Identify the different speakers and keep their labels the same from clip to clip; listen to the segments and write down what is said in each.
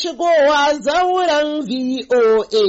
Speaker 1: shigowa zauren VOA.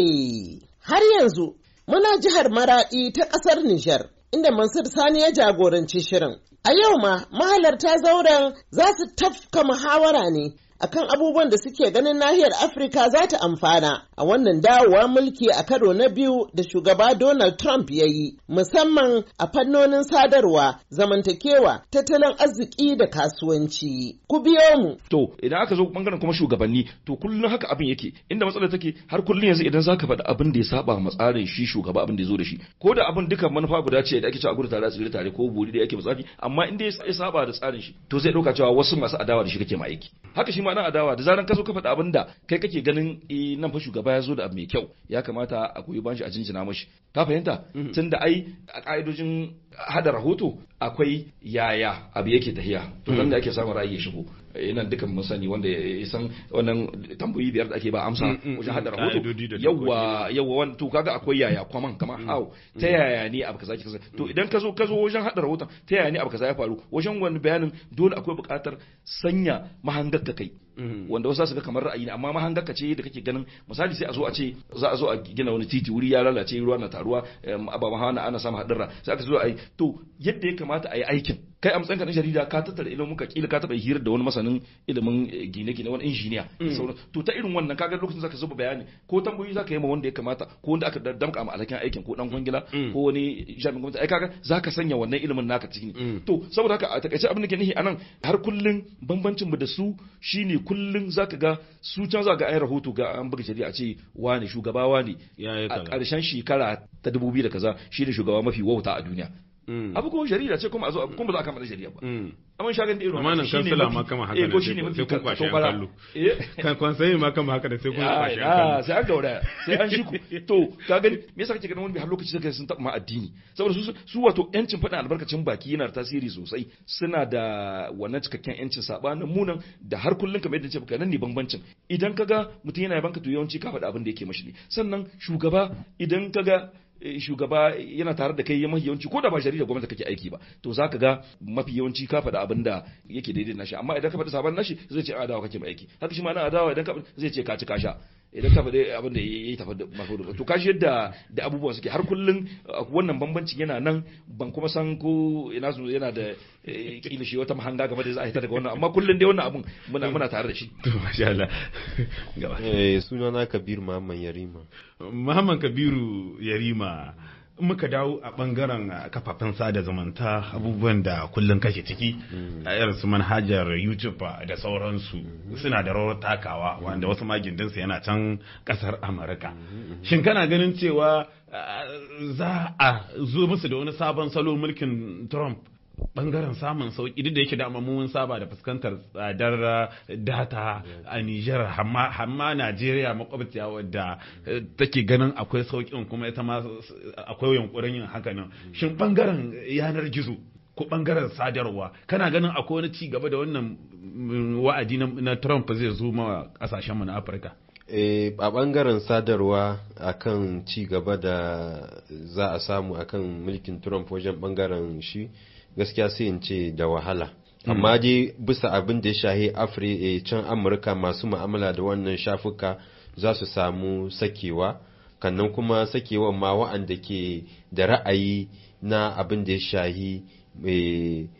Speaker 1: Har yanzu muna jihar Maraɗi ta ƙasar Nijar, inda Mansur Sani ya jagoranci shirin. A yau ma mahalarta zauren za su tafka muhawara ne akan abubuwan da suke ganin nahiyar Afirka za ta amfana a wannan dawowa mulki a karo na biyu da shugaba Donald Trump ya yi, musamman a fannonin sadarwa, zamantakewa, tattalin arziki da kasuwanci. Ku biyo mu. To, idan aka zo bangaren kuma shugabanni, to kullum haka abin
Speaker 2: yake, inda matsalar take har kullum yanzu idan zaka faɗi abin da ya saba ma tsarin shi shugaba abin da ya zo da shi. Ko da abin duka manufa guda ce da ake cewa a gudu tare a tsiri tare ko buri da yake misali, amma inda ya saba da tsarin shi, to zai ɗauka cewa wasu masu adawa da shi kake ma aiki. Haka shi ma ma adawa da zaran ka zo ka faɗi abin da kai kake ganin e nan fa shugaba ya zo da abu mai kyau ya kamata a koyi bashi a jinjina mashi ka fahimta mm-hmm. tun da ai a ka'idojin hada rahoto akwai yaya abu yake tahiya to dan da ake samun ra'ayi ya shigo yana dukan mun sani wanda ya san wannan tambayi biyar da ake ba amsa mm, mm, wajen hada rahoto mm, yawa yawa wani to kaga akwai yaya kwaman kamar how ta yaya ne abu kaza kaza to idan ka zo ka zo wajen hada rahoton ta yaya ne abu kaza ya faru wajen wani bayanin dole akwai buƙatar sanya mahangar ka kai wanda wasu su ga kamar ra'ayi ne amma mahangar ka ce da kake ganin misali sai a zo a ce za a zo a gina wani titi wuri ya lalace ruwa na taruwa ababa hawa na ana samun haɗurra sai aka zo a yi to yadda ya kamata a yi aikin kai a matsayin ka na jarida ka tattara ilimin muka kila ka taba hirar da wani masanin ilimin eh, gine-gine wani injiniya mm. to ta irin wannan kaga lokacin zaka zuba bayani ko tambayoyi zaka yi ma wanda ya kamata ko wanda aka damka ma alhakin aikin ko dan kwangila mm. ko wani jami'in gwamnati ai kaga zaka sanya wannan ilimin naka cikin mm. to saboda haka a takaice abin da ke nihi anan har kullun bambancin mu da su shine kullun zaka ga su can zaka ga ai rahoto ga an buga shari'a ce wani shugaba wani a ƙarshen shekara ta dubu biyu da kaza shine shugaba mafi wauta a duniya Mm. abu kuma shari'a ce kuma a zo mm. kuma ba za a kama da shari'a ba mm. amma shagan da irin wannan shine kansila ma kama haka eh, ne sai kun kwashi an kallo eh. kan kwansayi ma kama haka ne sai
Speaker 3: kun kwashe an kallo ah, sai
Speaker 2: an gaura sai an shiku to ka gani me yasa kake ganin wani har lokaci sai sun taɓa ma addini saboda su su wato yancin faɗin albarkacin baki yana da tasiri sosai suna da wannan cikakken yancin sabanin munan da har kullun kamar yadda ce baka nan ne bambancin idan kaga mutum yana yabanka to yawanci ka faɗa abin da yake mashi ne sannan shugaba idan kaga Eh, shugaba yana tare da kai ya mafi yawanci ko da ba jarida gwamnati kake aiki ba to za ka ga mafi yawanci ka faɗa abin da yake daidai nashi amma idan ka faɗi sabon nashi zai ce adawa kake mai aiki haka shi ma na adawa idan ka zai ce ka ci ka sha idan ka faɗi abin da yayi tafa da mafi da to kashi yadda da abubuwa suke har kullun wannan bambancin yana nan ban kuma san ko ina su yana da eh, kila shi wata mahanga game da za a hita daga wannan amma kullun dai wannan abun muna muna tare da shi
Speaker 3: to masha Allah gaba eh sunana kabiru Muhammad Yarima Muhammad Kabiru Yarima muka dawo a bangaren kafafen sada zumunta abubuwan da kullum kashe ciki mm. a irin su manhajar youtube da sauransu mm-hmm. suna da rawar takawa wanda wasu magindinsu yana can kasar amurka mm-hmm. Mm-hmm. shin kana ganin cewa za a zo musu da wani sabon salo mulkin trump bangaren samun sauki duk da yake dama mun saba da fuskantar tsadar eh, data a Nijar Amma Najeriya makwabciya wadda eh, take ganin akwai saukin kuma ita ma eh, akwai yunkurin yin haka nan shin bangaren yanar gizo ko bangaren sadarwa kana ganin akwai wani ci gaba da wannan mm, wa'adi na Trump zai zo ma kasashen mu na Afirka
Speaker 4: a bangaren sadarwa akan ci gaba da za a samu akan mulkin Trump wajen bangaren shi gaskiya sai in ce da wahala amma dai bisa abin da ya shahi afri eh, can amurka masu ma'amala da wannan shafuka za su samu sakewa kannan kuma sakewa ma wa'anda ke da ra'ayi na abin da ya shahi eh,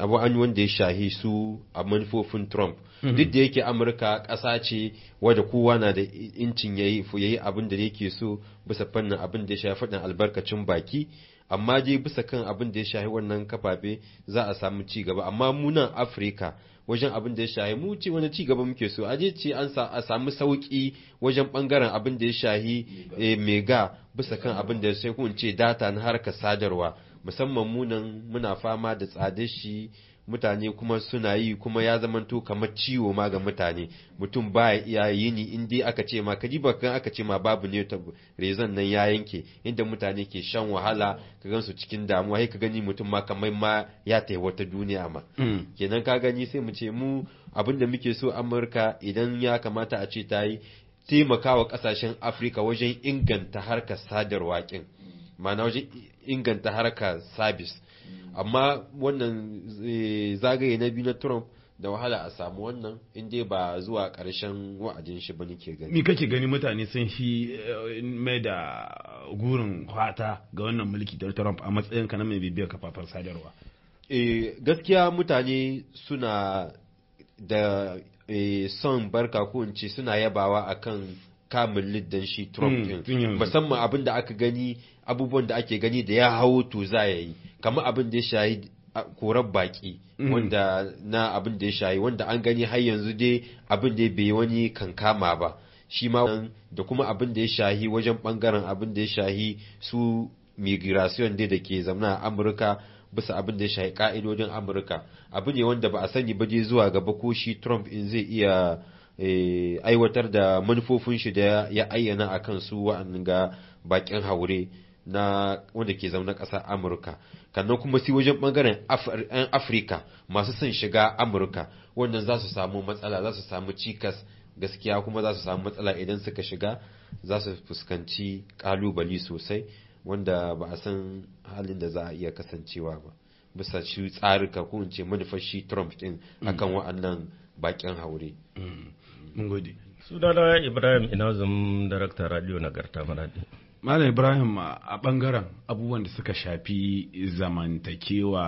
Speaker 4: abu'an wanda ya shahi su a manufofin trump mhm. duk da yake amurka ƙasa ce wadda kowa na da incin yayi yi abin da yake so bisa fannin abin da ya shafi faɗin albarkacin baki amma je bisa kan abin da ya shahi wannan kafafe za a samu ci gaba amma munan afirika afirka wajen abin da ya shahi mu ce wani ci gaba muke so aje ce an a samu sauki wajen bangaren abin da ya shahi eh, mega bisa kan abin da ya shahi kun ce data na harkar sadarwa musamman mu muna fama da tsadashi shi mutane kuma suna yi kuma ya zamanto kamar ciwo ma ga mutane mutum ba ya yi ni in dai aka ce ma ka ji bakan aka ce ma babu ne ta rezon nan ya yanke inda mutane ke shan wahala ka gansu cikin damuwa sai ka gani mutum ma kamar ma ya ta wata duniya ma mm. kenan ka gani sai mu ce mu abin da muke so Amurka idan ya kamata a ce ta yi taimakawa kasashen Afirka wajen inganta harkar sadarwa kin ma'ana wajen inganta harkar sabis amma wannan eh, zagaye na biyu na trump da wahala a samu wannan inda ba zuwa karshen wa'adin shi bane ke gani.
Speaker 3: Me kake gani mutane sun shi eh, mai da gurin fata ga wannan mulki da Trump a matsayin ka na mai bibiyar kafafen sadarwa?
Speaker 4: Eh, gaskiya mutane suna da son barka ko in ce suna yabawa akan kamun liddan shi Trump hmm, din musamman abin da aka gani abubuwan da ake gani da ya hawo to za ya yi kamar abin da ya shayi korar baki hmm. wanda na abin da ya shayi wanda an gani har yanzu dai abin da bai wani kankama ba shi ma da kuma abin da ya shahi wajen bangaren abin da ya shahi su migration dai da ke zamana a Amurka bisa abin da ya shahi ka'idodin Amurka abu ne wanda ba a sani ba dai zuwa gaba ko shi Trump in zai iya Eh, aiwatar da manufofin shi da ya ayyana a kan su wa'annan ga bakin haure na wanda ke zaune ƙasar amurka kannan kuma si wajen bangaren 'yan afirka masu son shiga amurka wannan za su samu matsala za su samu cikas gaskiya kuma za su samu matsala idan suka shiga za su fuskanci kalubali sosai wanda ba a san halin da za a iya kasancewa ba bisa shi tsarika ko in ce manufar shi trump din mm. akan wa'annan bakin haure mm. mun gode
Speaker 5: sunana
Speaker 3: ibrahim inazum darakta radio Garta maradi Malam Ibrahim a ɓangaren abubuwan da suka shafi zamantakewa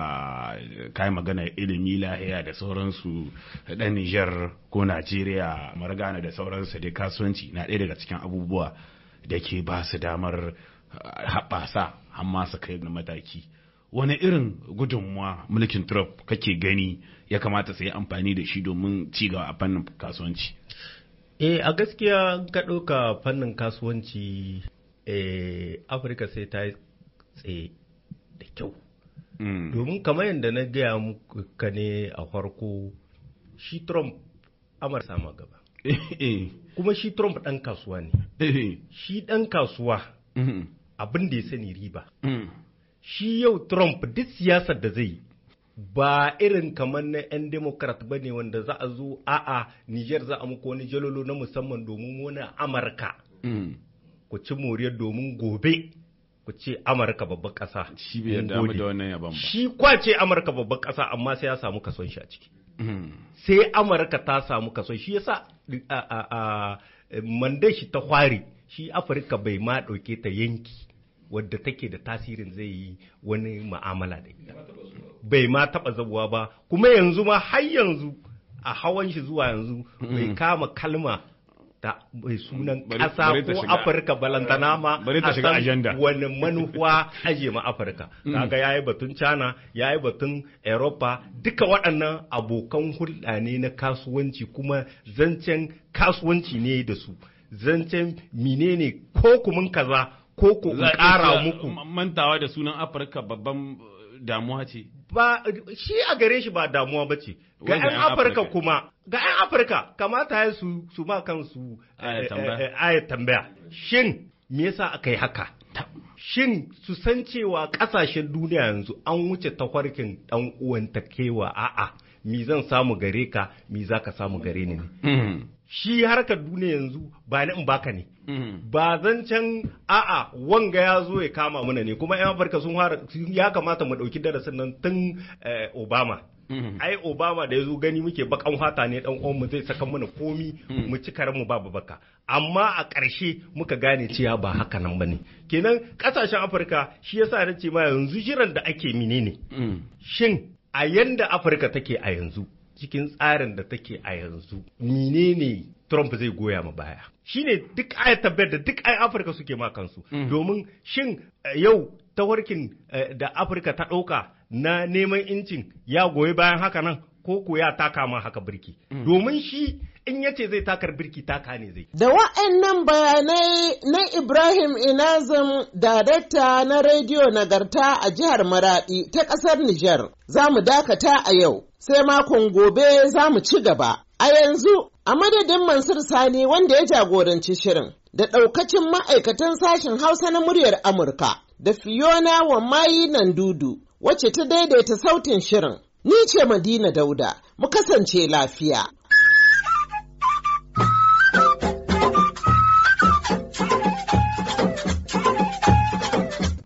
Speaker 3: kayan magana ilimi lahiya da sauransu ɗan Nijar ko Najeriya margana da sauransu da kasuwanci na ɗaya daga cikin abubuwa da ke ba su damar uh, haɓasa amma su kai mataki. wani irin gudunmuwa mulkin Trump kake gani ya kamata su yi amfani da shi domin cigaba a fannin kasuwanci?
Speaker 5: e a gaskiya ka ɗauka fannin kasuwanci e Afirka sai ta yi tsaye da kyau. Mm. Domin kamar yadda na gaya muka ne a farko shi Trump amar sama gaba. Eh. Kuma shi Trump ɗan kasuwa ne. Shi ɗan kasuwa mm-hmm. abin da ya sani riba. Mm. shi yau Trump duk siyasar da zai ba irin kamar na 'yan Democrat ba ne wanda za a zo a'a Niger za a muku wani jalolo na musamman domin wani Amurka. Mm. Ku ci moriyar domin gobe ku ce Amurka babban ƙasa. Shi bai amma da wannan yaban ba. Shi kwace Amurka babban ƙasa amma sai ya samu kason shi a ciki. Mm. Sai Amurka ta samu kason shi yasa mandar shi ta hwari shi Afirka bai ma ɗauke ta yanki. wadda take da tasirin zai yi wani ma'amala da ita bai ma taba zabuwa ba kuma yanzu ma har yanzu a hawan shi zuwa yanzu bai kama kalma ta bai sunan ƙasa ko afirka balantana ma a san wani manufa aje ma afirka mm. kaga yayi batun china yayi batun europa duka waɗannan abokan hulɗa ne na kasuwanci kuma zancen kasuwanci ne da su zancen menene ko kuma kaza ko ko ƙara muku
Speaker 3: mantawa da sunan afirka babban eh, damuwa ce ba shi a gare shi ba damuwa ba ce ga 'yan afirka kuma
Speaker 5: ga 'yan afirka kamata ya su su ma kansu eh, ayat eh, tambaya shin me yasa aka yi haka shin su san cewa kasashen duniya yanzu an wuce tafarkin dan uwan takewa a'a mi zan samu gare ka mi za ka samu gare ni hmm. shi harkar duniya yanzu ba na in baka ne mm-hmm. ba zancen a'a wanga ya zo ya kama mana ne kuma yan afirka sun fara ya kamata mu dauki darasin nan tun eh, obama mm-hmm. ai obama da ya zo gani muke bakan fata ne dan uwan mu zai saka mana komi mm-hmm. mu ci mu babu baka amma a ƙarshe muka gane cewa ba haka nan bane kenan kasashen afirka shi yasa na ce ma yanzu jiran da ake menene shin a yanda afirka take a yanzu cikin tsarin da take a yanzu menene Trump zai goya ma baya shine duk ayat da duk ai Afirka suke ma kansu mm. domin shin eh, yau tawarkin eh, da Afirka ta ɗauka na neman incin ya goyi bayan haka nan ko ko ya taka ma haka birki mm. domin shi in yace zai takar birki taka ne zai
Speaker 1: da wa'annan bayanai na Ibrahim Inazim darakta na rediyo nagarta a jihar Maradi ta ƙasar Nijar za mu dakata a yau sai makon gobe za mu ci gaba a yanzu a madadin Mansur Sani wanda ya jagoranci shirin da ɗaukacin ma'aikatan sashen Hausa na muryar Amurka da Fiona Wamayi Nandudu wacce ta daidaita sautin shirin. Ni ce Madina Dauda, mu kasance lafiya.